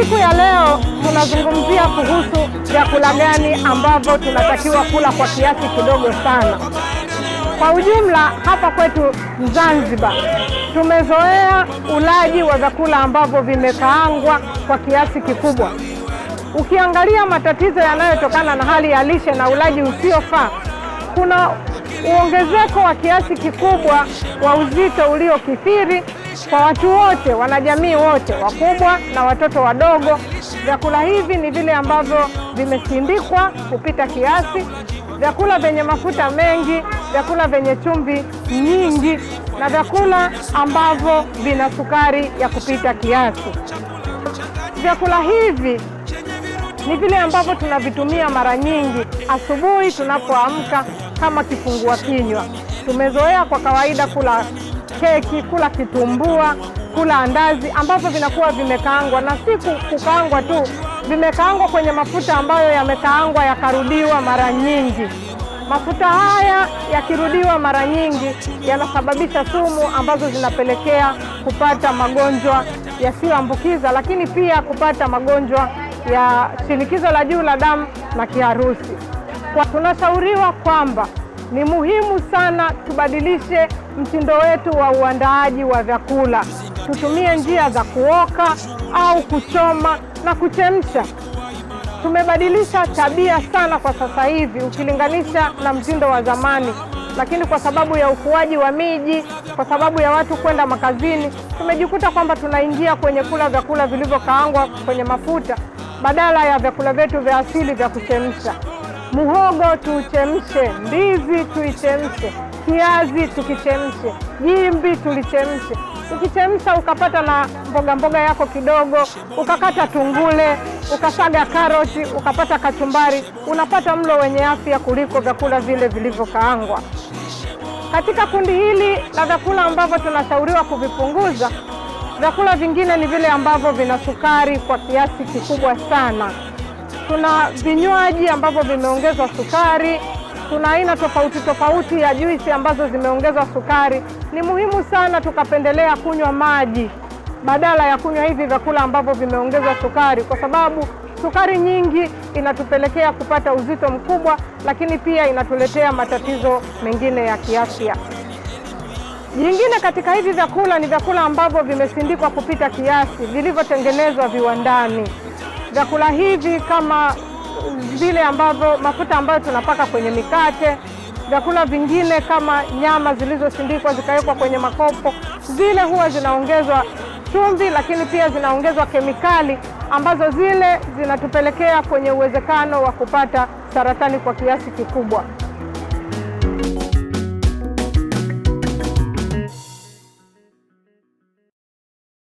Siku ya leo tunazungumzia kuhusu vyakula gani ambavyo tunatakiwa kula kwa kiasi kidogo sana. Kwa ujumla, hapa kwetu Zanzibar tumezoea ulaji wa vyakula ambavyo vimekaangwa kwa kiasi kikubwa. Ukiangalia matatizo yanayotokana na hali ya lishe na ulaji usiofaa, kuna uongezeko wa kiasi kikubwa wa uzito uliokithiri kwa watu wote, wanajamii wote, wakubwa na watoto wadogo. Vyakula hivi ni vile ambavyo vimesindikwa kupita kiasi, vyakula vyenye mafuta mengi, vyakula vyenye chumvi nyingi na vyakula ambavyo vina sukari ya kupita kiasi. Vyakula hivi ni vile ambavyo tunavitumia mara nyingi asubuhi tunapoamka kama kifungua kinywa. Tumezoea kwa kawaida kula keki, kula kitumbua, kula andazi ambavyo vinakuwa vimekaangwa, na si kukaangwa tu, vimekaangwa kwenye mafuta ambayo yamekaangwa yakarudiwa mara nyingi. Mafuta haya yakirudiwa mara nyingi yanasababisha sumu ambazo zinapelekea kupata magonjwa yasiyoambukiza, lakini pia kupata magonjwa ya shinikizo la juu la damu na kiharusi. Kwa tunashauriwa kwamba ni muhimu sana tubadilishe mtindo wetu wa uandaaji wa vyakula, tutumie njia za kuoka au kuchoma na kuchemsha. Tumebadilisha tabia sana kwa sasa hivi ukilinganisha na mtindo wa zamani, lakini kwa sababu ya ukuaji wa miji, kwa sababu ya watu kwenda makazini, tumejikuta kwamba tunaingia kwenye kula vyakula vilivyokaangwa kwenye mafuta badala ya vyakula vyetu vya asili vya kuchemsha muhogo tuuchemshe, ndizi tuichemshe, kiazi tukichemshe, jimbi tulichemshe. Ukichemsha ukapata na mboga mboga yako kidogo, ukakata tungule, ukasaga karoti, ukapata kachumbari, unapata mlo wenye afya kuliko vyakula vile vilivyokaangwa. Katika kundi hili la vyakula ambavyo tunashauriwa kuvipunguza, vyakula vingine ni vile ambavyo vina sukari kwa kiasi kikubwa sana tuna vinywaji ambavyo vimeongezwa sukari, tuna aina tofauti tofauti ya juisi ambazo zimeongezwa sukari. Ni muhimu sana tukapendelea kunywa maji badala ya kunywa hivi vyakula ambavyo vimeongezwa sukari, kwa sababu sukari nyingi inatupelekea kupata uzito mkubwa, lakini pia inatuletea matatizo mengine ya kiafya. Jingine katika hivi vyakula ni vyakula ambavyo vimesindikwa kupita kiasi, vilivyotengenezwa viwandani. Vyakula hivi kama vile ambavyo mafuta ambayo tunapaka kwenye mikate, vyakula vingine kama nyama zilizosindikwa zikawekwa kwenye makopo, zile huwa zinaongezwa chumvi, lakini pia zinaongezwa kemikali ambazo zile zinatupelekea kwenye uwezekano wa kupata saratani kwa kiasi kikubwa.